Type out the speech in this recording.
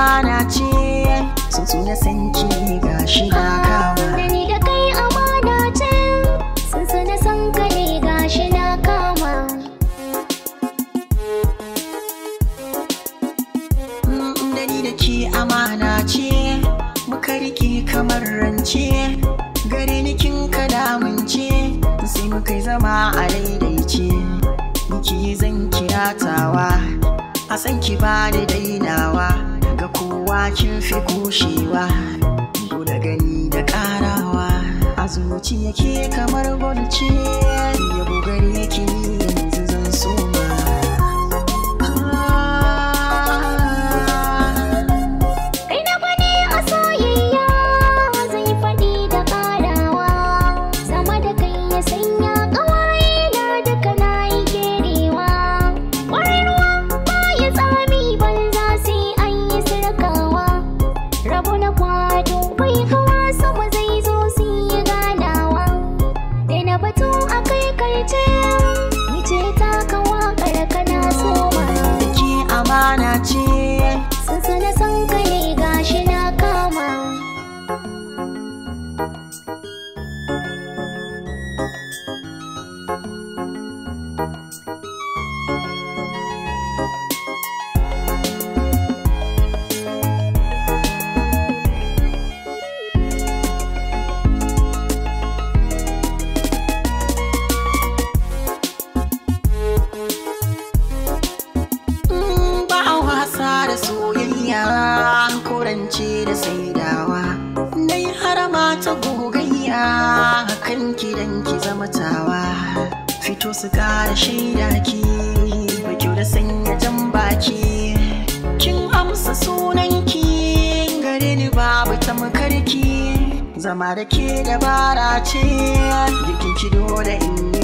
amana ce sun na san ci ga shi da kawa ni da kai amana ce sun na san ka ne ga shi na kama mm, da ni da ki amana ce muka rike kamar rance gare ni kin ce sai muka zama a daidaice Niki zan kiratawa a san ki ba da dainawa wacin fi kushewa ko da gani da karawa a zuci yake kamar gwalce ya bugari Wanna rance da saidawa na yi harama ta gogayya kan kidan ki zama tawa fito su kara shaida ki baki da sanya jan baki kin amsa sunan ki gare ni babu tamkarki zama da ke dabara ce jikin ki dole in yi.